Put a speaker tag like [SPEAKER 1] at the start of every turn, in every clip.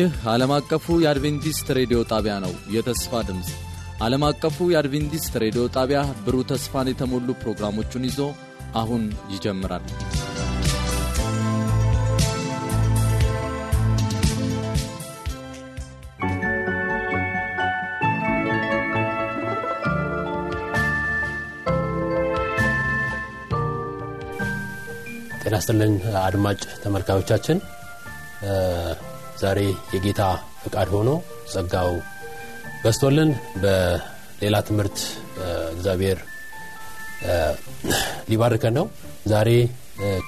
[SPEAKER 1] ይህ ዓለም አቀፉ የአድቬንቲስት ሬዲዮ ጣቢያ ነው። የተስፋ ድምፅ ዓለም አቀፉ የአድቬንቲስት ሬዲዮ ጣቢያ ብሩህ ተስፋን የተሞሉ ፕሮግራሞቹን ይዞ አሁን ይጀምራል። ጤና አድማጭ ተመልካዮቻችን ዛሬ የጌታ ፍቃድ ሆኖ ጸጋው በስቶልን በሌላ ትምህርት እግዚአብሔር ሊባርከን ነው ዛሬ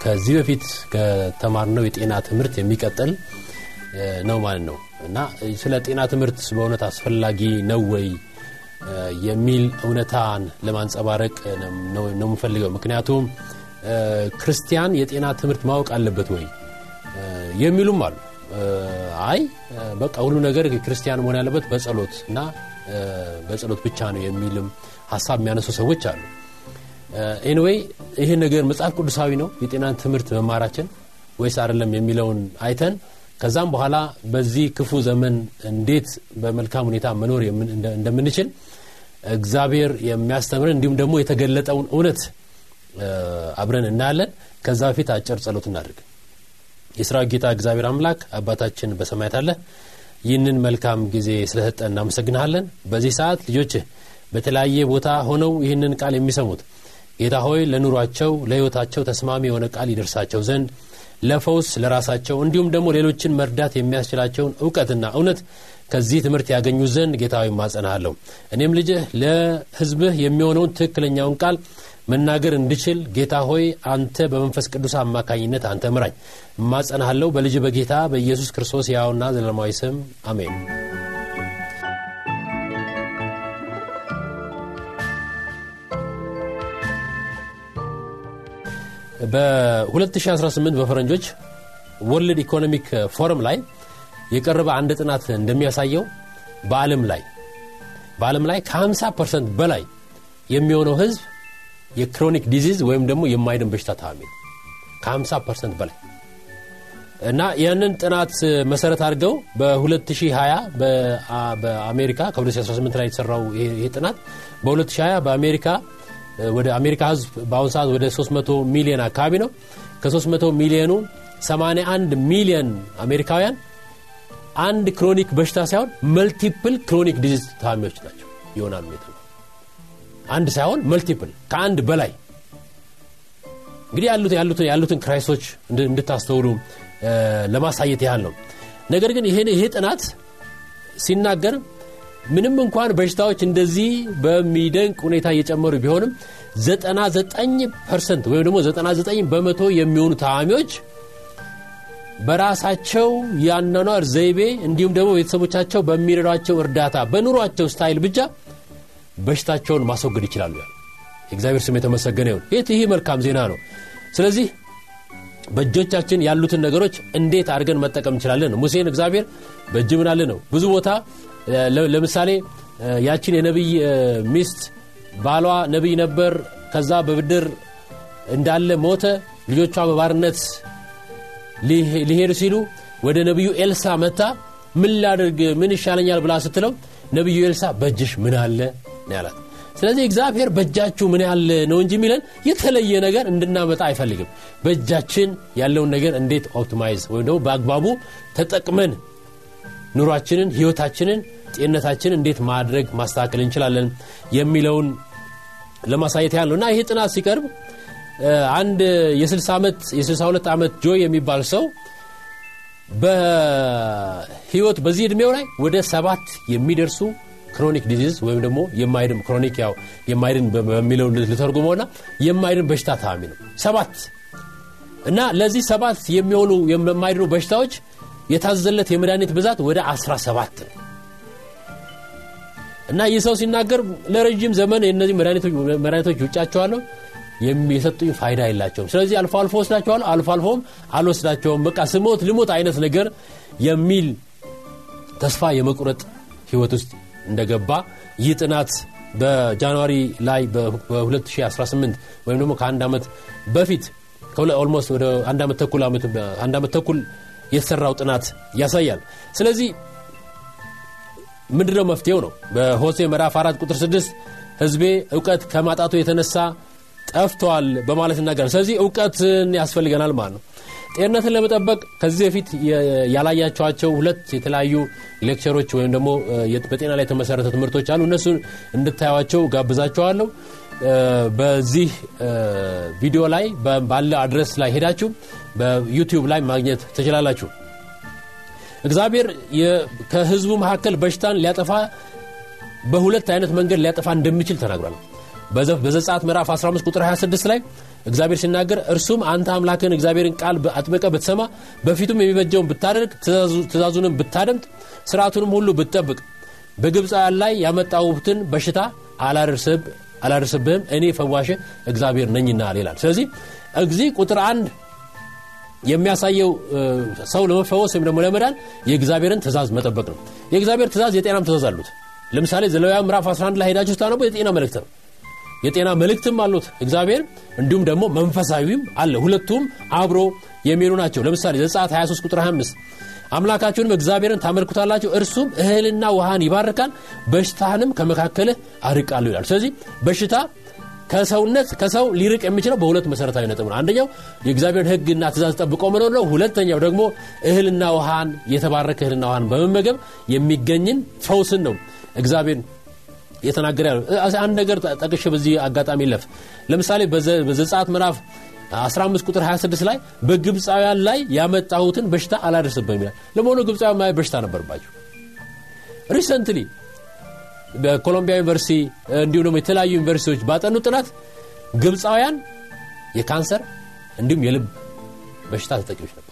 [SPEAKER 1] ከዚህ በፊት ከተማርነው የጤና ትምህርት የሚቀጥል ነው ማለት ነው እና ስለ ጤና ትምህርት በእውነት አስፈላጊ ነው ወይ የሚል እውነታን ለማንጸባረቅ ነው የምፈልገው ምክንያቱም ክርስቲያን የጤና ትምህርት ማወቅ አለበት ወይ የሚሉም አሉ አይ በቃ ሁሉ ነገር ክርስቲያን መሆን ያለበት በጸሎት እና በጸሎት ብቻ ነው የሚልም ሀሳብ የሚያነሱ ሰዎች አሉ ኤንወይ ይህ ነገር መጽሐፍ ቅዱሳዊ ነው የጤናን ትምህርት መማራችን ወይስ አይደለም የሚለውን አይተን ከዛም በኋላ በዚህ ክፉ ዘመን እንዴት በመልካም ሁኔታ መኖር እንደምንችል እግዚአብሔር የሚያስተምረን እንዲሁም ደግሞ የተገለጠውን እውነት አብረን እናያለን ከዛ በፊት አጭር ጸሎት እናድርግ የስራው ጌታ እግዚአብሔር አምላክ አባታችን በሰማያት አለ ይህንን መልካም ጊዜ ስለሰጠ እናመሰግንሃለን። በዚህ ሰዓት ልጆች በተለያየ ቦታ ሆነው ይህንን ቃል የሚሰሙት ጌታ ሆይ ለኑሯቸው ለሕይወታቸው ተስማሚ የሆነ ቃል ይደርሳቸው ዘንድ ለፈውስ ለራሳቸው እንዲሁም ደግሞ ሌሎችን መርዳት የሚያስችላቸውን እውቀትና እውነት ከዚህ ትምህርት ያገኙ ዘንድ ጌታ ሆይ እኔም ልጅህ ለህዝብህ የሚሆነውን ትክክለኛውን ቃል መናገር እንድችል ጌታ ሆይ አንተ በመንፈስ ቅዱስ አማካኝነት አንተ ምራኝ። እማጸናሃለው በልጅ በጌታ በኢየሱስ ክርስቶስ ያውና ዘለማዊ ስም አሜን። በ2018 በፈረንጆች ወርልድ ኢኮኖሚክ ፎረም ላይ የቀረበ አንድ ጥናት እንደሚያሳየው በዓለም ላይ በዓለም ላይ ከ50 በላይ የሚሆነው ህዝብ የክሮኒክ ዲዚዝ ወይም ደግሞ የማይድን በሽታ ታሚ ከ50 ፐርሰንት በላይ እና ያንን ጥናት መሰረት አድርገው በ2020 በአሜሪካ ከ2018 ላይ የተሰራው ይሄ ጥናት በ2020 በአሜሪካ ወደ አሜሪካ ህዝብ በአሁኑ ሰዓት ወደ 300 ሚሊዮን አካባቢ ነው ከ300 ሚሊዮኑ 81 ሚሊዮን አሜሪካውያን አንድ ክሮኒክ በሽታ ሳይሆን መልቲፕል ክሮኒክ ዲዚዝ ታሚዎች ናቸው ይሆናሉ ነው አንድ ሳይሆን መልቲፕል ከአንድ በላይ እንግዲህ ያሉትን ያሉትን ክራይሶች እንድታስተውሉ ለማሳየት ያህል ነው ነገር ግን ይሄ ጥናት ሲናገር ምንም እንኳን በሽታዎች እንደዚህ በሚደንቅ ሁኔታ እየጨመሩ ቢሆንም 99 ፐርሰንት ወይም ደግሞ 99 በመቶ የሚሆኑ ታዋሚዎች በራሳቸው ያኗኗር ዘይቤ እንዲሁም ደግሞ ቤተሰቦቻቸው በሚረዷቸው እርዳታ በኑሯቸው ስታይል ብቻ በሽታቸውን ማስወገድ ይችላሉ ያ የእግዚአብሔር ስም የተመሰገነ ይሁን ይህ መልካም ዜና ነው ስለዚህ በእጆቻችን ያሉትን ነገሮች እንዴት አድርገን መጠቀም እንችላለን ሙሴን እግዚአብሔር በእጅ ምናለ ነው ብዙ ቦታ ለምሳሌ ያችን የነቢይ ሚስት ባሏ ነቢይ ነበር ከዛ በብድር እንዳለ ሞተ ልጆቿ በባርነት ሊሄዱ ሲሉ ወደ ነቢዩ ኤልሳ መታ ምን ላድርግ ምን ይሻለኛል ብላ ስትለው ነቢዩ ኤልሳ በእጅሽ ምን አለ ነው ያላት ስለዚህ እግዚአብሔር በእጃችሁ ምን ያህል ነው እንጂ የሚለን የተለየ ነገር እንድናመጣ አይፈልግም በእጃችን ያለውን ነገር እንዴት ኦፕቲማይዝ ወይም ደግሞ በአግባቡ ተጠቅመን ኑሯችንን ህይወታችንን ጤንነታችንን እንዴት ማድረግ ማስተካከል እንችላለን የሚለውን ለማሳየት ያለው እና ይሄ ጥናት ሲቀርብ አንድ የ ዓመት የ62 ዓመት ጆይ የሚባል ሰው በህይወት በዚህ ዕድሜው ላይ ወደ ሰባት የሚደርሱ ክሮኒክ ዲዚዝ ወይም ደግሞ የማይድም ክሮኒክ ያው የማይድን በሚለው ልተርጉመውና የማይድን በሽታ ታሚ ነው ሰባት እና ለዚህ ሰባት የሚሆኑ የማይድኑ በሽታዎች የታዘዘለት የመድኃኒት ብዛት ወደ 17 ነው እና ይህ ሰው ሲናገር ለረዥም ዘመን የነዚህ መድኃኒቶች ውጫቸዋለሁ የሰጡኝ ፋይዳ የላቸውም ስለዚህ አልፎ አልፎ ወስዳቸዋለሁ አልፎ አልፎም አልወስዳቸውም በቃ ስሞት ልሞት አይነት ነገር የሚል ተስፋ የመቁረጥ ህይወት ውስጥ እንደገባ ይህ ጥናት በጃንዋሪ ላይ በ2018 ወይም ደግሞ ከአንድ ዓመት በፊት ኦልሞስት ወደ አንድ ዓመት ተኩል አንድ ዓመት ተኩል የተሰራው ጥናት ያሳያል ስለዚህ ምንድነው መፍትሄው ነው በሆሴ ምዕራፍ 4 ቁጥር 6 ህዝቤ እውቀት ከማጣቱ የተነሳ ጠፍተዋል በማለት ይናገራል። ስለዚህ እውቀትን ያስፈልገናል ማለት ነው። ጤንነትን ለመጠበቅ ከዚህ በፊት ያላያቸዋቸው ሁለት የተለያዩ ሌክቸሮች ወይም ደግሞ በጤና ላይ የተመሰረተ ትምህርቶች አሉ። እነሱን እንድታዩቸው ጋብዛቸዋለሁ። በዚህ ቪዲዮ ላይ ባለ አድረስ ላይ ሄዳችሁ በዩቲዩብ ላይ ማግኘት ትችላላችሁ። እግዚአብሔር ከህዝቡ መካከል በሽታን ሊያጠፋ በሁለት አይነት መንገድ ሊያጠፋ እንደሚችል ተናግሯል። በዘጻት ምዕራፍ 15 ቁጥር 26 ላይ እግዚአብሔር ሲናገር እርሱም አንተ አምላክን እግዚአብሔርን ቃል አጥብቀ ብትሰማ በፊቱም የሚበጀውን ብታደርግ ትእዛዙንም ብታደምጥ ስርዓቱንም ሁሉ ብትጠብቅ በግብፃውያን ላይ ያመጣውትን በሽታ አላደርስብህም እኔ ፈዋሽ እግዚአብሔር ነኝና ይላል ስለዚህ እግዚህ ቁጥር አንድ የሚያሳየው ሰው ለመፈወስ ወይም ደግሞ ለመዳን የእግዚአብሔርን ትእዛዝ መጠበቅ ነው የእግዚአብሔር ትእዛዝ የጤናም ትእዛዝ አሉት ለምሳሌ ዘለውያ ምራፍ 11 ላይ ሄዳችሁ ስታነቡ የጤና መልእክት ነው የጤና መልእክትም አሉት እግዚአብሔር እንዲሁም ደግሞ መንፈሳዊም አለ ሁለቱም አብሮ የሚሉ ናቸው ለምሳሌ ዘጻት 23 ቁጥር 25 አምላካችሁንም እግዚአብሔርን ታመልኩታላችሁ እርሱም እህልና ውሃን ይባርካል በሽታህንም ከመካከልህ አርቃሉ ይላል ስለዚህ በሽታ ከሰውነት ከሰው ሊርቅ የሚችለው በሁለት መሰረታዊ ነጥብ ነው አንደኛው የእግዚአብሔርን ህግና ትእዛዝ ጠብቆ መኖር ነው ሁለተኛው ደግሞ እህልና ውሃን የተባረከ እህልና ውሃን በመመገብ የሚገኝን ፈውስን ነው እግዚአብሔር እየተናገረ ያለው አንድ ነገር ጠቅሼ በዚህ አጋጣሚ ለፍ ለምሳሌ በዘጻት ምዕራፍ 15 ቁጥር 26 ላይ በግብፃውያን ላይ ያመጣሁትን በሽታ አላደርስብም ይላል ለመሆኑ ግብፃውያን ማየ በሽታ ነበርባቸው ሪሰንትሊ በኮሎምቢያ ዩኒቨርሲቲ እንዲሁም ደግሞ የተለያዩ ዩኒቨርሲቲዎች ባጠኑ ጥናት ግብፃውያን የካንሰር እንዲሁም የልብ በሽታ ተጠቂዎች ነበር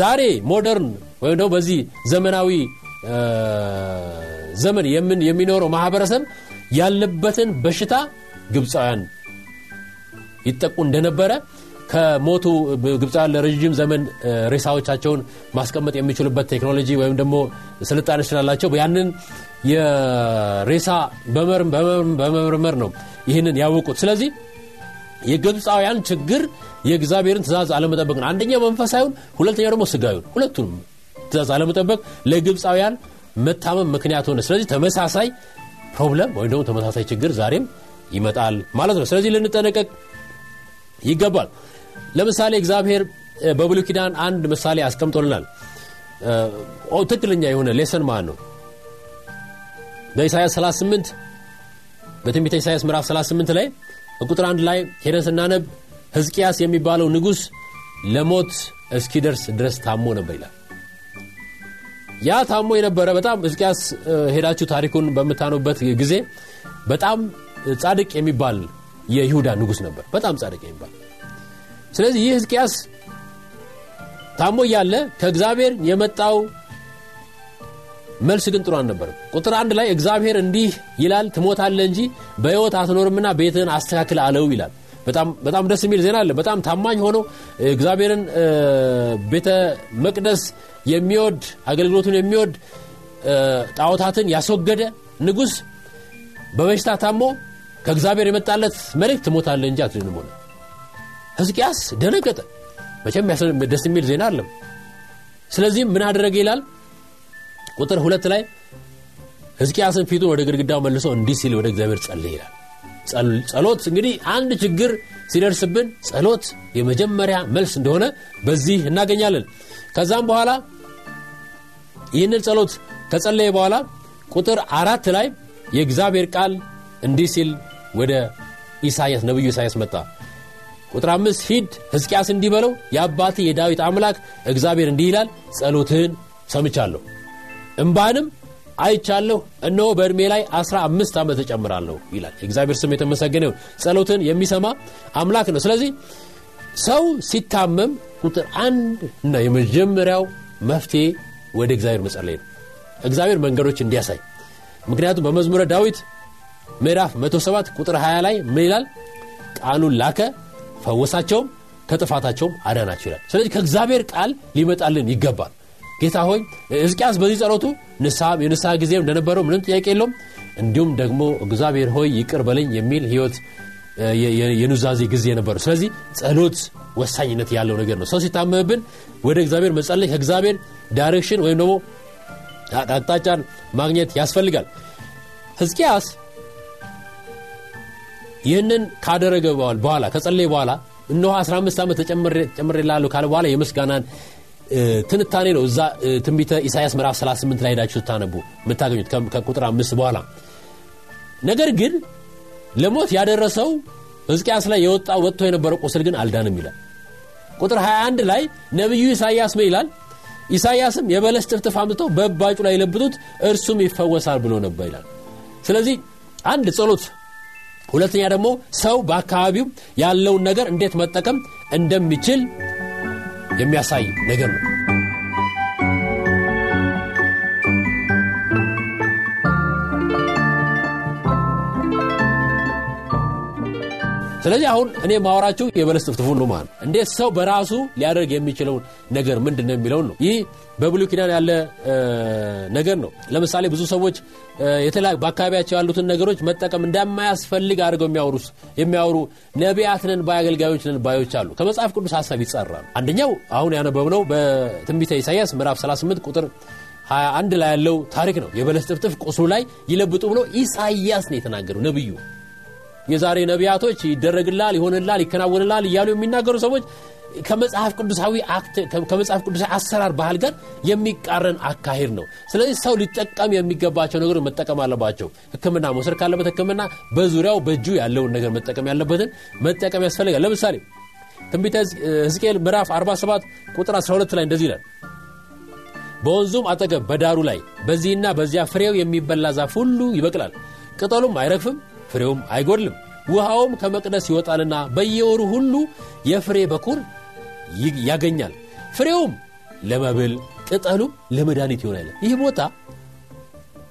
[SPEAKER 1] ዛሬ ሞደርን ወይም ደግሞ በዚህ ዘመናዊ ዘመን የሚኖረው ማህበረሰብ ያለበትን በሽታ ግብፃውያን ይጠቁ እንደነበረ ከሞቱ ግብፃውያን ለረዥም ዘመን ሬሳዎቻቸውን ማስቀመጥ የሚችሉበት ቴክኖሎጂ ወይም ደግሞ ስልጣን ስላላቸው ያንን የሬሳ በመርመር ነው ይህንን ያወቁት። ስለዚህ የግብፃውያን ችግር የእግዚአብሔርን ትእዛዝ አለመጠበቅ ነው። አንደኛው መንፈሳዊን ሁለተኛው ደግሞ ስጋዩን ሁለቱንም ትእዛዝ አለመጠበቅ ለግብፃውያን መታመም ምክንያት ሆነ ስለዚህ ተመሳሳይ ፕሮብለም ወይም ደግሞ ተመሳሳይ ችግር ዛሬም ይመጣል ማለት ነው ስለዚህ ልንጠነቀቅ ይገባል ለምሳሌ እግዚአብሔር በብሉ ኪዳን አንድ ምሳሌ አስቀምጦልናል ትክክለኛ የሆነ ሌሰን ማለት ነው በኢሳያስ 38 በትንቢተ ኢሳያስ ምዕራፍ 38 ላይ ቁጥር አንድ ላይ ሄደን ስናነብ ህዝቅያስ የሚባለው ንጉሥ ለሞት እስኪደርስ ድረስ ታሞ ነበር ይላል ያ ታሞ የነበረ በጣም ሕዝቅያስ ሄዳችሁ ታሪኩን በምታኑበት ጊዜ በጣም ጻድቅ የሚባል የይሁዳ ንጉሥ ነበር። በጣም ጻድቅ የሚባል ስለዚህ ይህ ሕዝቅያስ ታሞ እያለ ከእግዚአብሔር የመጣው መልስ ግን ጥሩ አልነበርም ቁጥር አንድ ላይ እግዚአብሔር እንዲህ ይላል ትሞታለ እንጂ በሕይወት አትኖርምና ቤትህን አስተካክል አለው ይላል። በጣም ደስ የሚል ዜና አለ። በጣም ታማኝ ሆኖ እግዚአብሔርን ቤተ መቅደስ የሚወድ አገልግሎቱን የሚወድ ጣዖታትን ያስወገደ ንጉሥ በበሽታ ታሞ ከእግዚአብሔር የመጣለት መልእክት ትሞታለ እንጂ አትድንም ሆነ። ህዝቅያስ ደነገጠ። መቼም ደስ የሚል ዜና አለም። ስለዚህም ምን አደረገ ይላል ቁጥር ሁለት ላይ ህዝቅያስን ፊቱን ወደ ግድግዳው መልሶ እንዲህ ሲል ወደ እግዚአብሔር ጸለየ ይላል ጸሎት እንግዲህ አንድ ችግር ሲደርስብን ጸሎት የመጀመሪያ መልስ እንደሆነ በዚህ እናገኛለን ከዛም በኋላ ይህንን ጸሎት ከጸለየ በኋላ ቁጥር አራት ላይ የእግዚአብሔር ቃል እንዲህ ሲል ወደ ኢሳያስ ነቢዩ ኢሳያስ መጣ ቁጥር አምስት ሂድ ሕዝቅያስ እንዲህ በለው የአባት የዳዊት አምላክ እግዚአብሔር እንዲህ ይላል ጸሎትህን ሰምቻለሁ እምባንም አይቻለሁ። እነሆ በእድሜ ላይ አስራ አምስት ዓመት ተጨምራለሁ ይላል። እግዚአብሔር ስም የተመሰገነ ጸሎትን የሚሰማ አምላክ ነው። ስለዚህ ሰው ሲታመም ቁጥር አንድ እና የመጀመሪያው መፍትሄ ወደ እግዚአብሔር መጸለይ ነው። እግዚአብሔር መንገዶች እንዲያሳይ ምክንያቱም በመዝሙረ ዳዊት ምዕራፍ 17 ቁጥር 20 ላይ ምን ይላል? ቃሉን ላከ ፈወሳቸውም፣ ከጥፋታቸውም አዳናቸው ይላል። ስለዚህ ከእግዚአብሔር ቃል ሊመጣልን ይገባል። ጌታ ሆይ ሕዝቅያስ በዚህ ጸሎቱ የንስሐ ጊዜ እንደነበረው ምንም ጥያቄ የለውም እንዲሁም ደግሞ እግዚአብሔር ሆይ ይቅር በለኝ የሚል ህይወት የኑዛዜ ጊዜ ነበሩ ስለዚህ ጸሎት ወሳኝነት ያለው ነገር ነው ሰው ሲታመምብን ወደ እግዚአብሔር መጸለይ ከእግዚአብሔር ዳይሬክሽን ወይም ደግሞ አቅጣጫን ማግኘት ያስፈልጋል ህዝቅያስ ይህንን ካደረገ በኋላ ከጸለይ በኋላ እነሆ 15 ዓመት ተጨምሬ ላሉ ካለ በኋላ የምስጋናን ትንታኔ ነው እዛ ትንቢተ ኢሳያስ ምዕራፍ 38 ላይ ሄዳችሁ ስታነቡ የምታገኙት ከቁጥር አምስት በኋላ ነገር ግን ለሞት ያደረሰው ሕዝቅያስ ላይ የወጣ ወጥቶ የነበረው ቁስል ግን አልዳንም ይላል ቁጥር 21 ላይ ነቢዩ ኢሳያስ ምን ይላል ኢሳያስም የበለስ ጥፍጥፍ አምጥተው በባጩ ላይ የለብጡት እርሱም ይፈወሳል ብሎ ነበር ይላል ስለዚህ አንድ ጸሎት ሁለተኛ ደግሞ ሰው በአካባቢው ያለውን ነገር እንዴት መጠቀም እንደሚችል የሚያሳይ ነገር ነው። ስለዚህ አሁን እኔ ማወራቸው የበለስ ጥፍጥፉ ነው ማለት ነው። እንዴት ሰው በራሱ ሊያደርግ የሚችለውን ነገር ምንድን ነው የሚለውን ነው። ይህ በብሉ ኪዳን ያለ ነገር ነው። ለምሳሌ ብዙ ሰዎች የተለያዩ በአካባቢያቸው ያሉትን ነገሮች መጠቀም እንደማያስፈልግ አድርገው የሚያወሩ ነቢያትንን ነን ባይ አገልጋዮች ባዮች አሉ። ከመጽሐፍ ቅዱስ ሀሳብ ይጸራል አንደኛው አሁን ያነበብነው በትንቢተ ኢሳያስ ምዕራፍ 38 ቁጥር 21 ላይ ያለው ታሪክ ነው። የበለስ ጥፍጥፍ ቁስሉ ላይ ይለብጡ ብሎ ኢሳያስ ነው የተናገረው ነብዩ የዛሬ ነቢያቶች ይደረግላል፣ ይሆንላል፣ ይከናወንላል እያሉ የሚናገሩ ሰዎች ከመጽሐፍ ቅዱሳዊ ከመጽሐፍ ቅዱሳዊ አሰራር ባህል ጋር የሚቃረን አካሄድ ነው። ስለዚህ ሰው ሊጠቀም የሚገባቸው ነገሮች መጠቀም አለባቸው። ህክምና መውሰድ ካለበት ህክምና በዙሪያው በእጁ ያለውን ነገር መጠቀም ያለበትን መጠቀም ያስፈልጋል። ለምሳሌ ትንቢተ ህዝቅኤል ምዕራፍ 47 ቁጥር 12 ላይ እንደዚህ ይላል፣ በወንዙም አጠገብ በዳሩ ላይ በዚህና በዚያ ፍሬው የሚበላ ዛፍ ሁሉ ይበቅላል፣ ቅጠሉም አይረግፍም ፍሬውም አይጎድልም ውሃውም ከመቅደስ ይወጣልና በየወሩ ሁሉ የፍሬ በኩር ያገኛል ፍሬውም ለመብል ቅጠሉም ለመድኃኒት ይሆናል ይህ ቦታ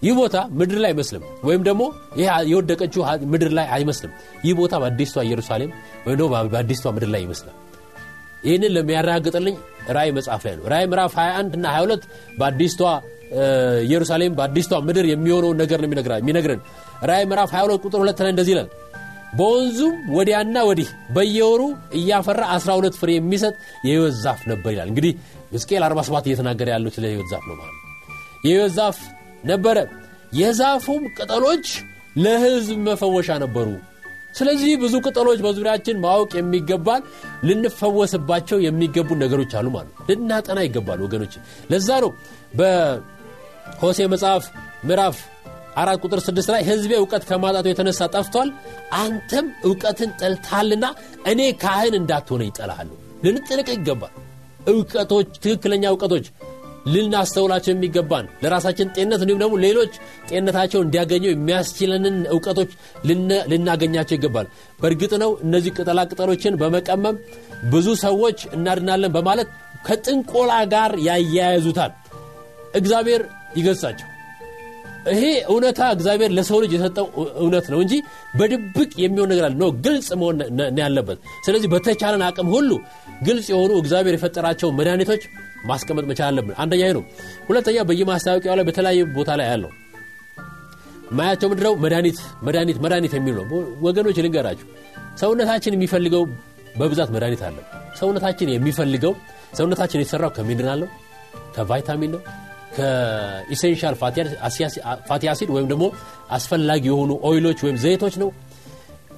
[SPEAKER 1] ይህ ቦታ ምድር ላይ አይመስልም ወይም ደግሞ ይህ የወደቀችው ምድር ላይ አይመስልም ይህ ቦታ በአዲስቷ ኢየሩሳሌም ወይም ደግሞ በአዲስቷ ምድር ላይ ይመስላል ይህንን ለሚያረጋግጥልኝ ራይ መጽሐፍ ላይ ነው ራይ ምዕራፍ 21 እና 22 በአዲስቷ ኢየሩሳሌም በአዲስቷ ምድር የሚሆነውን ነገር ነው የሚነግረን ራእይ ምዕራፍ 22 ቁጥር 2 ላይ እንደዚህ ይላል በወንዙም ወዲያና ወዲህ በየወሩ እያፈራ 12 ፍሬ የሚሰጥ የህይወት ዛፍ ነበር ይላል እንግዲህ ሕዝቅኤል 47 እየተናገረ ያለው ስለ ህይወት ዛፍ ነው ማለት የህይወት ዛፍ ነበረ የዛፉም ቅጠሎች ለህዝብ መፈወሻ ነበሩ ስለዚህ ብዙ ቅጠሎች በዙሪያችን ማወቅ የሚገባል ልንፈወስባቸው የሚገቡ ነገሮች አሉ ማለት ልናጠና ይገባል ወገኖች ለዛ ነው በሆሴ መጽሐፍ ምዕራፍ አራት ቁጥር ስድስት ላይ ህዝቤ እውቀት ከማጣቱ የተነሳ ጠፍቷል፣ አንተም እውቀትን ጠልታልና እኔ ካህን እንዳትሆነ ይጠላሉ ልንጥንቅ ይገባል። እውቀቶች፣ ትክክለኛ እውቀቶች ልናስተውላቸው የሚገባን ለራሳችን ጤንነት እንዲሁም ደግሞ ሌሎች ጤንነታቸው እንዲያገኙ የሚያስችለንን እውቀቶች ልናገኛቸው ይገባል። በእርግጥ ነው እነዚህ ቅጠላቅጠሎችን ቅጠሎችን በመቀመም ብዙ ሰዎች እናድናለን በማለት ከጥንቆላ ጋር ያያያዙታል። እግዚአብሔር ይገሳቸው። ይሄ እውነታ እግዚአብሔር ለሰው ልጅ የሰጠው እውነት ነው እንጂ በድብቅ የሚሆን ነገር አለ ነው ግልጽ መሆን ያለበት ስለዚህ በተቻለን አቅም ሁሉ ግልጽ የሆኑ እግዚአብሔር የፈጠራቸው መድኃኒቶች ማስቀመጥ መቻል አለብን አንደኛ ነው ሁለተኛ በየማስታወቂያ ላይ በተለያየ ቦታ ላይ ያለው ማያቸው ምድረው መድኃኒት መድኃኒት መድኃኒት ነው ወገኖች ልንገራችሁ ሰውነታችን የሚፈልገው በብዛት መድኃኒት አለ ሰውነታችን የሚፈልገው ሰውነታችን የተሰራው ከሚድን አለው ከቫይታሚን ነው ከኢሴንሻል ፋቲ አሲድ ወይም ደግሞ አስፈላጊ የሆኑ ኦይሎች ወይም ዘይቶች ነው።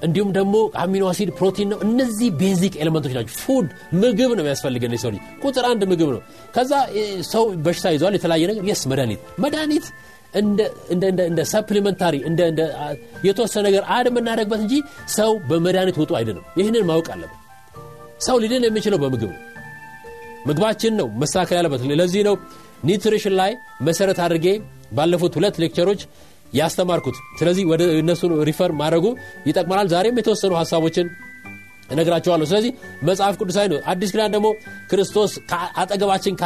[SPEAKER 1] እንዲሁም ደግሞ አሚኖ አሲድ፣ ፕሮቲን ነው። እነዚህ ቤዚክ ኤሌመንቶች ናቸው። ፉድ ምግብ ነው የሚያስፈልገን ሰው ቁጥር አንድ ምግብ ነው። ከዛ ሰው በሽታ ይዟል፣ የተለያየ ነገር የስ መድኃኒት መድኃኒት እንደ ሰፕሊመንታሪ የተወሰነ ነገር አድ የምናደርግበት እንጂ ሰው በመድኃኒት ውጡ አይደለም። ይህንን ማወቅ አለብን። ሰው ሊድን የሚችለው በምግብ ነው። ምግባችን ነው መስተካከል ያለበት። ለዚህ ነው ኒትሪሽን ላይ መሰረት አድርጌ ባለፉት ሁለት ሌክቸሮች ያስተማርኩት ስለዚህ ወደ እነሱ ሪፈር ማድረጉ ይጠቅመናል ዛሬም የተወሰኑ ሀሳቦችን እነግራቸዋለሁ ስለዚህ መጽሐፍ ቅዱሳዊ ነው አዲስ ኪዳን ደግሞ ክርስቶስ አጠገባችን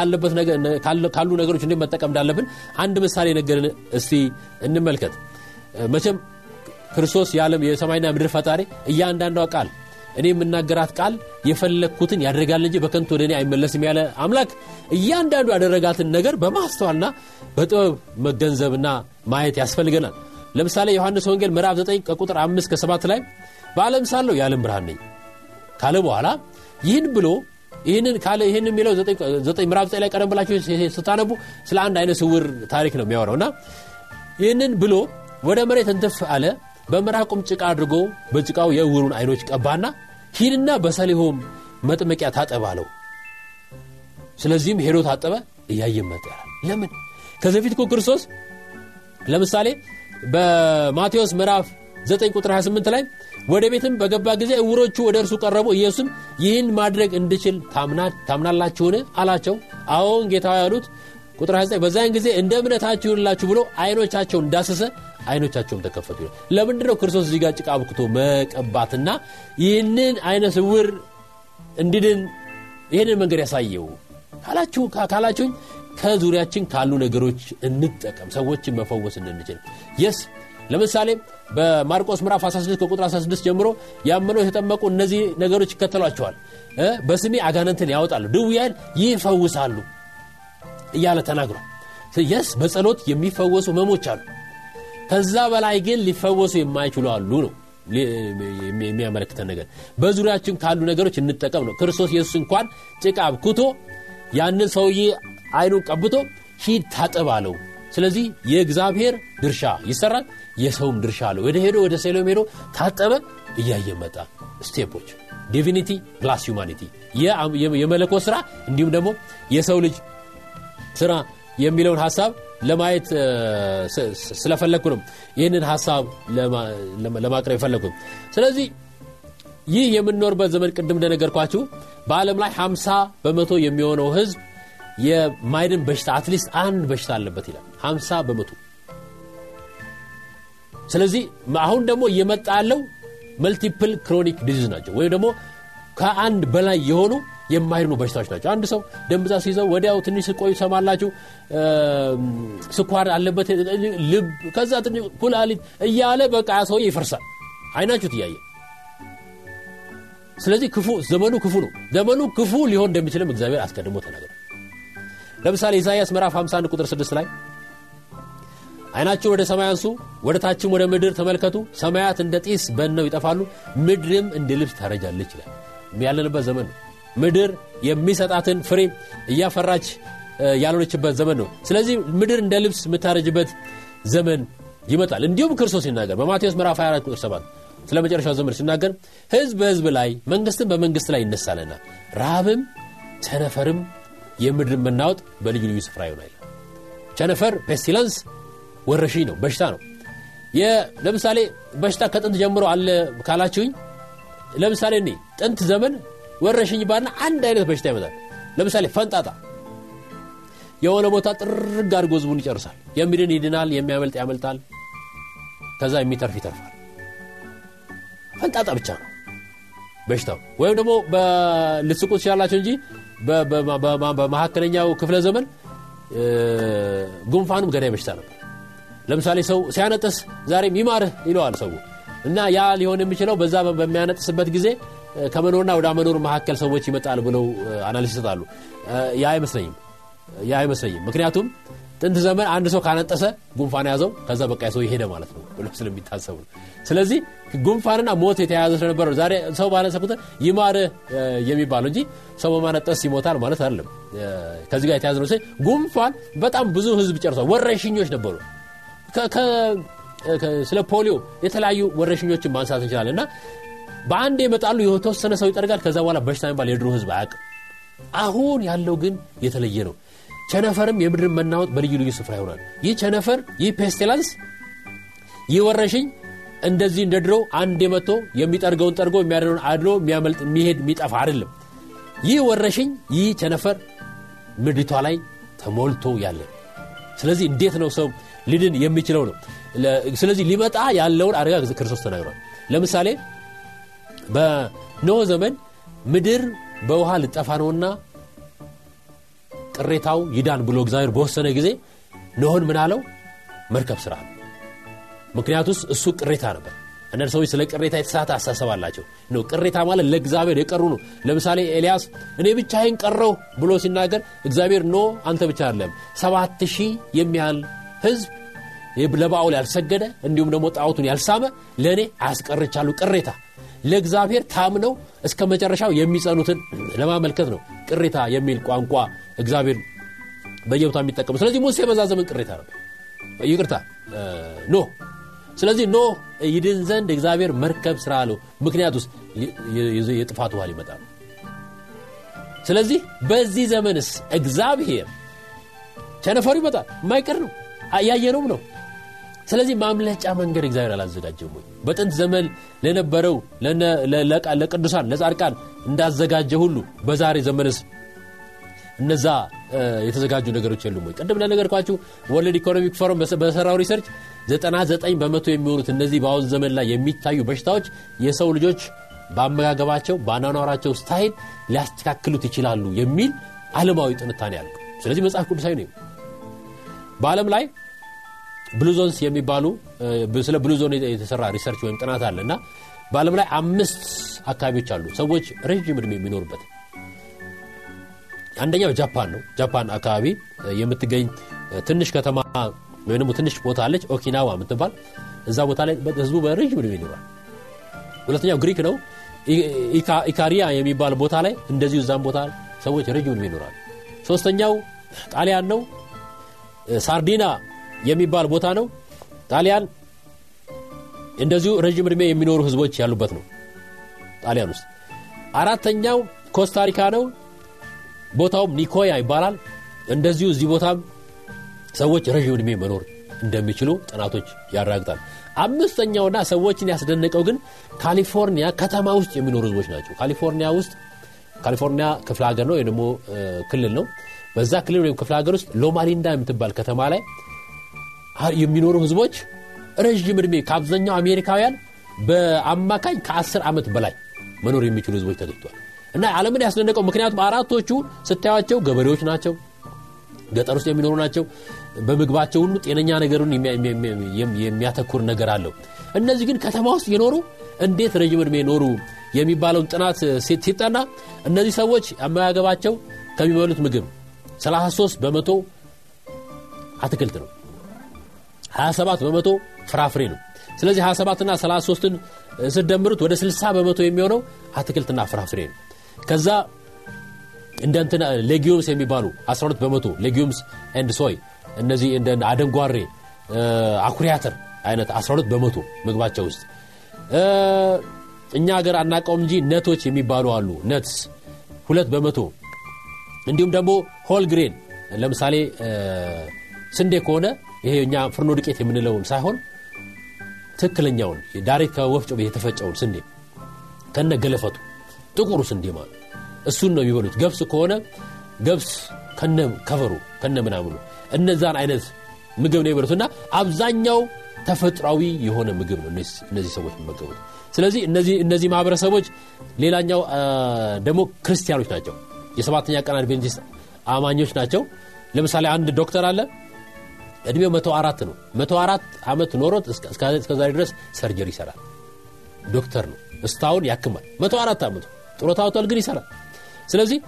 [SPEAKER 1] ካሉ ነገሮች እንዴት መጠቀም እንዳለብን አንድ ምሳሌ ነገርን እስቲ እንመልከት መቼም ክርስቶስ የዓለም የሰማይና ምድር ፈጣሪ እያንዳንዷ ቃል እኔ የምናገራት ቃል የፈለግኩትን ያደርጋል እንጂ በከንቱ ወደ እኔ አይመለስም ያለ አምላክ እያንዳንዱ ያደረጋትን ነገር በማስተዋልና በጥበብ መገንዘብና ማየት ያስፈልገናል ለምሳሌ ዮሐንስ ወንጌል ምዕራፍ 9 ከቁጥር 5 ከ7 ላይ በዓለም ሳለው የዓለም ብርሃን ነኝ ካለ በኋላ ይህን ብሎ ይህንን ካለ ይህን የሚለው ምዕራፍ 9 ላይ ቀደም ብላችሁ ስታነቡ ስለ አንድ አይነት ስውር ታሪክ ነው የሚያወራው እና ይህንን ብሎ ወደ መሬት እንትፍ አለ በምራቁም ጭቃ አድርጎ በጭቃው የዕውሩን አይኖች ቀባና ሂድና በሰሊሆም መጥመቂያ ታጠብ አለው። ስለዚህም ሄዶ ታጠበ፣ እያየ መጠ ለምን ከዘፊት በፊት ክርስቶስ ለምሳሌ በማቴዎስ ምዕራፍ 9 ቁጥር 28 ላይ ወደ ቤትም በገባ ጊዜ እውሮቹ ወደ እርሱ ቀረቡ። ኢየሱስም ይህን ማድረግ እንድችል ታምናላችሁን አላቸው። አዎን ጌታ ያሉት ቁጥር 29 በዛን ጊዜ እንደ እምነታችሁ ብሎ አይኖቻቸውን እንዳሰሰ አይኖቻቸውም ተከፈቱ ይላል ለምንድነው ክርስቶስ እዚህ ጋር ጭቃ አብክቶ መቀባትና ይህንን አይነ ስውር እንድድን ይህንን መንገድ ያሳየው ካላችሁ ካላችሁኝ ከዙሪያችን ካሉ ነገሮች እንጠቀም ሰዎችን መፈወስ እንድንችል የስ ለምሳሌ በማርቆስ ምዕራፍ 16 ከቁጥር 16 ጀምሮ ያመነው የተጠመቁ እነዚህ ነገሮች ይከተሏቸዋል በስሜ አጋነንትን ያወጣሉ ድውያን ይፈውሳሉ እያለ ተናግሯል የስ በጸሎት የሚፈወሱ መሞች አሉ ከዛ በላይ ግን ሊፈወሱ የማይችሉ አሉ ነው የሚያመለክተን ነገር በዙሪያችን ካሉ ነገሮች እንጠቀም ነው ክርስቶስ ኢየሱስ እንኳን ጭቃ አብኩቶ ያንን ሰውዬ አይኑን ቀብቶ ሂድ ታጠብ አለው ስለዚህ የእግዚአብሔር ድርሻ ይሰራል የሰውም ድርሻ አለው ወደ ሄዶ ወደ ሴሎም ሄዶ ታጠበ እያየ መጣ ስቴፖች ዲቪኒቲ ፕላስ ሁማኒቲ የመለኮ ስራ እንዲሁም ደግሞ የሰው ልጅ ስራ የሚለውን ሀሳብ ለማየት ስለፈለግኩ ነው ይህንን ሀሳብ ለማቅረብ የፈለግኩም ስለዚህ ይህ የምንኖርበት ዘመን ቅድም እንደነገርኳችሁ በዓለም ላይ 50 በመቶ የሚሆነው ህዝብ የማይድን በሽታ አትሊስት አንድ በሽታ አለበት ይላል 50 በመቶ ስለዚህ አሁን ደግሞ እየመጣ ያለው መልቲፕል ክሮኒክ ዲዚዝ ናቸው ወይም ደግሞ ከአንድ በላይ የሆኑ የማይድኑ በሽታዎች ናቸው። አንድ ሰው ደንብዛ ሲይዘው ወዲያው ትንሽ ስቆዩ ሰማላችሁ ስኳር አለበት፣ ልብ፣ ከዛ ኩላሊት እያለ በቃ ሰው ይፈርሳል። አይናችሁ ትያየ ስለዚህ ክፉ ዘመኑ ክፉ ነው። ዘመኑ ክፉ ሊሆን እንደሚችልም እግዚአብሔር አስቀድሞ ተናግሯል። ለምሳሌ ኢሳያስ ምዕራፍ 51 ቁጥር 6 ላይ አይናችሁ ወደ ሰማይ አንሱ፣ ወደ ታችም ወደ ምድር ተመልከቱ። ሰማያት እንደ ጢስ በነው ይጠፋሉ፣ ምድርም እንደ ልብስ ታረጃለች ይላል። ያለንበት ዘመን ነው። ምድር የሚሰጣትን ፍሬ እያፈራች ያልሆነችበት ዘመን ነው። ስለዚህ ምድር እንደ ልብስ የምታረጅበት ዘመን ይመጣል። እንዲሁም ክርስቶስ ሲናገር በማቴዎስ ምዕራፍ 24 ቁጥር 7 ስለ መጨረሻው ዘመን ሲናገር ህዝብ በህዝብ ላይ መንግስትም በመንግስት ላይ ይነሳልና ራብም ቸነፈርም የምድር መናወጥ በልዩ ልዩ ስፍራ ይሆናል። ቸነፈር ፔስቲለንስ ወረሽኝ ነው፣ በሽታ ነው። ለምሳሌ በሽታ ከጥንት ጀምሮ አለ ካላችሁኝ፣ ለምሳሌ እኔ ጥንት ዘመን ወረሽኝ ባና አንድ አይነት በሽታ ይመጣል። ለምሳሌ ፈንጣጣ የሆነ ቦታ ጥርግ አድርጎ ህዝቡን ይጨርሳል። የሚድን ይድናል፣ የሚያመልጥ ያመልጣል፣ ከዛ የሚተርፍ ይተርፋል። ፈንጣጣ ብቻ ነው በሽታው። ወይም ደግሞ ልትስቁ ትችላላቸው እንጂ በመካከለኛው ክፍለ ዘመን ጉንፋንም ገዳይ በሽታ ነበር። ለምሳሌ ሰው ሲያነጥስ ዛሬም ይማርህ ይለዋል ሰው እና ያ ሊሆን የሚችለው በዛ በሚያነጥስበት ጊዜ ከመኖርና ወደ አመኖር መካከል ሰዎች ይመጣል ብለው አናሊስ ይሰጣሉ ያ አይመስለኝም ያ አይመስለኝም ምክንያቱም ጥንት ዘመን አንድ ሰው ካነጠሰ ጉንፋን ያዘው ከዛ በቃ ሰው ይሄደ ማለት ነው ብሎ ስለሚታሰቡ ስለዚህ ጉንፋንና ሞት የተያያዘ ስለነበረ ዛሬ ሰው ባነሰ ቁጥር ይማር የሚባለው እንጂ ሰው በማነጠስ ይሞታል ማለት አለም ከዚ ጋር የተያዘ ነው ጉንፋን በጣም ብዙ ህዝብ ጨርሷል ወረሽኞች ነበሩ ስለ ፖሊዮ የተለያዩ ወረሽኞችን ማንሳት እንችላለን እና በአንድ የመጣሉ የተወሰነ ሰው ይጠርጋል። ከዛ በኋላ በሽታ የሚባል የድሮ ህዝብ አያውቅም። አሁን ያለው ግን የተለየ ነው። ቸነፈርም የምድር መናወጥ በልዩ ልዩ ስፍራ ይሆናል። ይህ ቸነፈር፣ ይህ ፔስቴላንስ፣ ይህ ወረሽኝ እንደዚህ እንደ ድሮ አንድ የመቶ የሚጠርገውን ጠርጎ የሚያደነውን አድሎ የሚያመልጥ የሚሄድ የሚጠፋ አይደለም። ይህ ወረሽኝ፣ ይህ ቸነፈር ምድሪቷ ላይ ተሞልቶ ያለ ስለዚህ እንዴት ነው ሰው ሊድን የሚችለው ነው። ስለዚህ ሊመጣ ያለውን አደጋ ክርስቶስ ተናግሯል። ለምሳሌ በኖ ዘመን ምድር በውሃ ልጠፋ ነውና ቅሬታው ይዳን ብሎ እግዚአብሔር በወሰነ ጊዜ ኖህን ምን አለው መርከብ ስራ ነው ምክንያቱስ እሱ ቅሬታ ነበር አንዳንድ ሰዎች ስለ ቅሬታ የተሳተ አሳሰብ አላቸው ነው ቅሬታ ማለት ለእግዚአብሔር የቀሩ ነው ለምሳሌ ኤልያስ እኔ ይን ቀረው ብሎ ሲናገር እግዚአብሔር ኖ አንተ ብቻ አለም ሰባት ሺህ የሚያል ህዝብ ለባውል ያልሰገደ እንዲሁም ደግሞ ጣዖቱን ያልሳመ ለእኔ አያስቀርቻሉ ቅሬታ ለእግዚአብሔር ታምነው እስከ መጨረሻው የሚጸኑትን ለማመልከት ነው ቅሬታ የሚል ቋንቋ እግዚአብሔር በየቦታ የሚጠቀሙ ስለዚህ ሙሴ በዛ ዘመን ቅሬታ ነው ይቅርታ ኖ ስለዚህ ኖ ይድን ዘንድ እግዚአብሔር መርከብ ስራ አለው ምክንያት ውስጥ የጥፋት ውሃ ይመጣል ስለዚህ በዚህ ዘመንስ እግዚአብሔር ቸነፈሩ ይመጣል የማይቀር ነው ያየነውም ነው ስለዚህ ማምለጫ መንገድ እግዚአብሔር አላዘጋጀም ወይ በጥንት ዘመን ለነበረው ለቅዱሳን ለጻድቃን እንዳዘጋጀ ሁሉ በዛሬ ዘመንስ እነዛ የተዘጋጁ ነገሮች የሉም ወይ ቅድም ለነገርኳችሁ ወርልድ ኢኮኖሚክ ፎረም በሰራው ሪሰርች 99 በመቶ የሚሆኑት እነዚህ በአሁን ዘመን ላይ የሚታዩ በሽታዎች የሰው ልጆች በአመጋገባቸው በአናኗራቸው ስታይል ሊያስተካክሉት ይችላሉ የሚል ዓለማዊ ጥንታኔ ያለው ስለዚህ መጽሐፍ ቅዱሳዊ ነው በዓለም ላይ ብሉዞንስ የሚባሉ ስለ ብሉዞን የተሰራ ሪሰርች ወይም ጥናት አለ እና በዓለም ላይ አምስት አካባቢዎች አሉ ሰዎች ረዥም እድሜ የሚኖሩበት አንደኛው ጃፓን ነው ጃፓን አካባቢ የምትገኝ ትንሽ ከተማ ወይም ትንሽ ቦታ አለች ኦኪናዋ የምትባል እዛ ቦታ ላይ ህዝቡ በረዥም እድሜ ይኖራል ሁለተኛው ግሪክ ነው ኢካሪያ የሚባል ቦታ ላይ እንደዚሁ እዛም ቦታ ሰዎች ረዥም እድሜ ይኖራል ሶስተኛው ጣሊያን ነው ሳርዲና የሚባል ቦታ ነው ጣሊያን እንደዚሁ ረዥም ዕድሜ የሚኖሩ ህዝቦች ያሉበት ነው ጣሊያን ውስጥ አራተኛው ኮስታሪካ ነው ቦታውም ኒኮያ ይባላል እንደዚሁ እዚህ ቦታም ሰዎች ረዥም ዕድሜ መኖር እንደሚችሉ ጥናቶች ያረጋግጣል አምስተኛውና ሰዎችን ያስደነቀው ግን ካሊፎርኒያ ከተማ ውስጥ የሚኖሩ ህዝቦች ናቸው ካሊፎርኒያ ውስጥ ካሊፎርኒያ ክፍለ ሀገር ነው ወይ ደግሞ ክልል ነው በዛ ክልል ወይም ክፍለ ሀገር ውስጥ ሎማሊንዳ የምትባል ከተማ ላይ የሚኖሩ ህዝቦች ረዥም እድሜ ከአብዛኛው አሜሪካውያን በአማካኝ ከ10 ዓመት በላይ መኖር የሚችሉ ህዝቦች ተገኝቷል እና ዓለምን ያስደነቀው ምክንያቱም አራቶቹ ስታያቸው ገበሬዎች ናቸው ገጠር ውስጥ የሚኖሩ ናቸው በምግባቸው ሁሉ ጤነኛ ነገሩን የሚያተኩር ነገር አለው እነዚህ ግን ከተማ ውስጥ የኖሩ እንዴት ረዥም እድሜ ኖሩ የሚባለውን ጥናት ሲጠና እነዚህ ሰዎች አመጋገባቸው ከሚበሉት ምግብ 33 በመቶ አትክልት ነው 27 በመቶ ፍራፍሬ ነው። ስለዚህ 27ና 33ን ስደምሩት ወደ 60 በመቶ የሚሆነው አትክልትና ፍራፍሬ ነው። ከዛ እንደንትን ሌጊዮምስ የሚባሉ 12 በመቶ ሌጊዮምስ ኤንድ ሶይ እነዚህ እንደ አደንጓሬ አኩሪያተር አይነት 12 በመቶ ምግባቸው ውስጥ እኛ ሀገር አናውቀውም እንጂ ነቶች የሚባሉ አሉ። ነትስ ሁለት በመቶ እንዲሁም ደግሞ ሆል ግሬን ለምሳሌ ስንዴ ከሆነ ይሄ እኛ ፍርኖ ዱቄት የምንለውን ሳይሆን ትክክለኛውን ዳይሬክት ከወፍጮ የተፈጨውን ስንዴ ከነ ገለፈቱ ጥቁሩ ስንዴ ማለት እሱን ነው የሚበሉት። ገብስ ከሆነ ገብስ ከነ ከቨሩ ከነ ምናምኑ እነዛን አይነት ምግብ ነው የሚበሉት እና አብዛኛው ተፈጥሯዊ የሆነ ምግብ ነው እነዚህ ሰዎች የሚመገቡት። ስለዚህ እነዚህ ማህበረሰቦች ሌላኛው ደግሞ ክርስቲያኖች ናቸው። የሰባተኛ ቀን አድቬንቲስት አማኞች ናቸው። ለምሳሌ አንድ ዶክተር አለ እድሜው አራት ነው አራት ዓመት ኖሮት እስከዛሬ ድረስ ሰርጀሪ ይሰራል ዶክተር ነው እስታሁን ያክማል 104 ዓመቱ ጡረታ አውጥቷል ግን ይሰራል ስለዚህ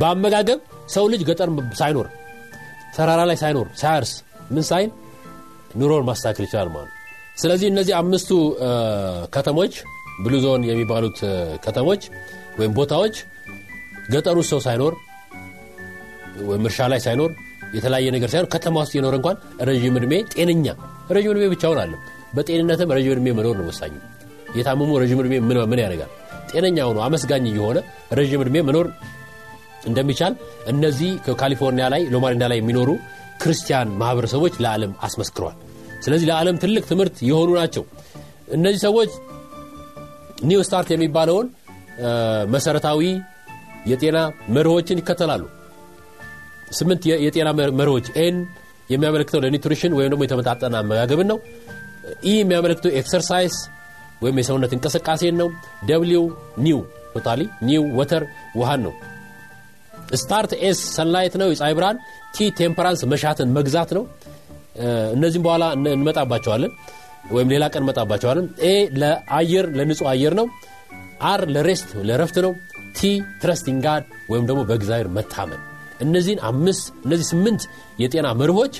[SPEAKER 1] በአመጋገብ ሰው ልጅ ገጠር ሳይኖር ተራራ ላይ ሳይኖር ሳያርስ ምን ሳይን ኑሮን ማስተካከል ይችላል ማለት ስለዚህ እነዚህ አምስቱ ከተሞች ብሉዞን የሚባሉት ከተሞች ወይም ቦታዎች ገጠሩ ሰው ሳይኖር ወይም እርሻ ላይ ሳይኖር የተለያየ ነገር ሳይሆን ከተማ ውስጥ የኖረ እንኳን ረዥም እድሜ ጤነኛ ረዥም እድሜ ብቻውን አለ በጤንነትም ረዥም እድሜ መኖር ነው ወሳኝ የታመሙ ረዥም እድሜ ምን ያደርጋል ጤነኛ ሆኖ አመስጋኝ የሆነ ረዥም እድሜ መኖር እንደሚቻል እነዚህ ከካሊፎርኒያ ላይ ሎማሪንዳ ላይ የሚኖሩ ክርስቲያን ማህበረሰቦች ለዓለም አስመስክረዋል ስለዚህ ለዓለም ትልቅ ትምህርት የሆኑ ናቸው እነዚህ ሰዎች ኒው ስታርት የሚባለውን መሰረታዊ የጤና መርሆችን ይከተላሉ ስምንት የጤና መሪዎች ኤን የሚያመለክተው ለኒትሪሽን ወይም ደግሞ የተመጣጠነ አመጋገብን ነው። ኢ የሚያመለክተው ኤክሰርሳይዝ ወይም የሰውነት እንቅስቃሴን ነው። ደብሊው ኒው ቶታሊ ኒው ወተር ውሃን ነው። ስታርት ኤስ ሰንላይት ነው የፀሐይ ብርሃን። ቲ ቴምፐራንስ መሻትን መግዛት ነው። እነዚህም በኋላ እንመጣባቸዋለን ወይም ሌላ ቀን እንመጣባቸዋለን። ኤ ለአየር ለንጹህ አየር ነው። አር ለሬስት ለረፍት ነው። ቲ ትረስቲንግ ጋድ ወይም ደግሞ በእግዚአብሔር መታመን እነዚህን አምስት እነዚህ ስምንት የጤና መርሆች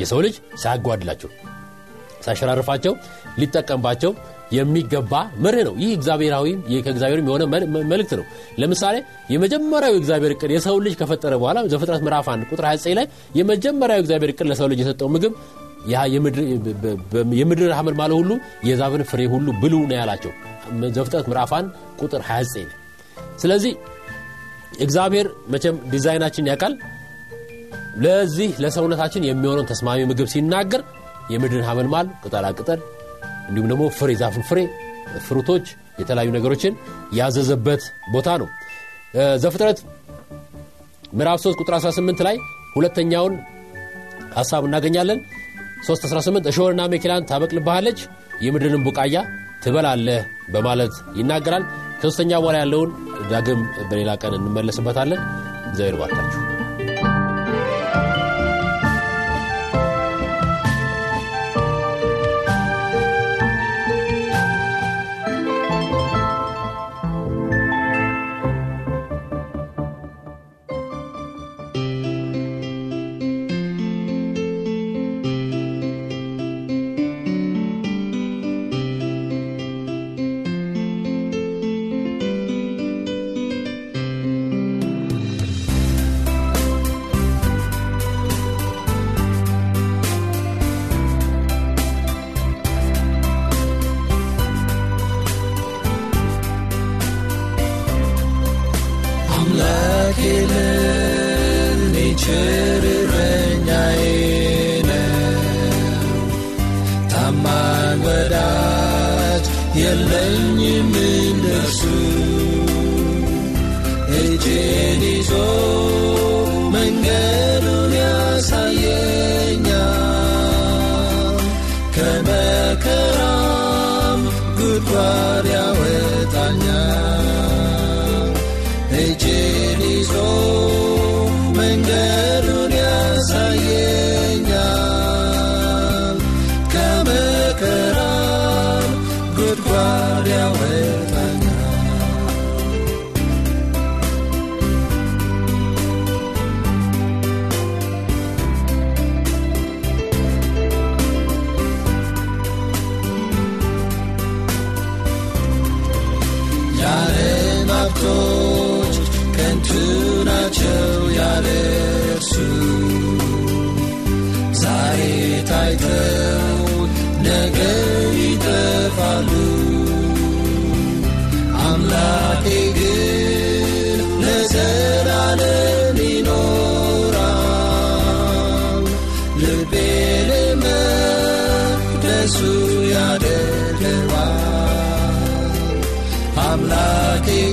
[SPEAKER 1] የሰው ልጅ ሳያጓድላቸው ሳያሸራርፋቸው ሊጠቀምባቸው የሚገባ መርህ ነው ይህ እግዚአብሔራዊ ከእግዚአብሔር የሆነ መልእክት ነው ለምሳሌ የመጀመሪያዊ እግዚአብሔር እቅድ የሰው ልጅ ከፈጠረ በኋላ ዘፍጥረት ምራፍ 1 ቁጥር 29 ላይ የመጀመሪያዊ እግዚአብሔር እቅድ ለሰው ልጅ የሰጠው ምግብ የምድር ሀመድ ማለ ሁሉ የዛብን ፍሬ ሁሉ ብሉ ነው ያላቸው ዘፍጥረት ምራፍ 1 ቁጥር 29 ስለዚህ እግዚአብሔር መቼም ዲዛይናችን ያውቃል። ለዚህ ለሰውነታችን የሚሆነውን ተስማሚ ምግብ ሲናገር የምድርን ሀመልማል፣ ቅጠላቅጠል እንዲሁም ደግሞ ፍሬ ዛፍን ፍሬ ፍሩቶች፣ የተለያዩ ነገሮችን ያዘዘበት ቦታ ነው። ዘፍጥረት ምዕራፍ 3 ቁጥር 18 ላይ ሁለተኛውን ሀሳብ እናገኛለን። 318 እሾህና ሜኪላን ታበቅልባሃለች የምድርን ቡቃያ ትበላለህ በማለት ይናገራል። ከሶስተኛ በኋላ ያለውን ዳግም በሌላ ቀን እንመለስበታለን። እግዚአብሔር ባርካችሁ። ጄሊዞ መንገድ ያድነዋል አምላኬ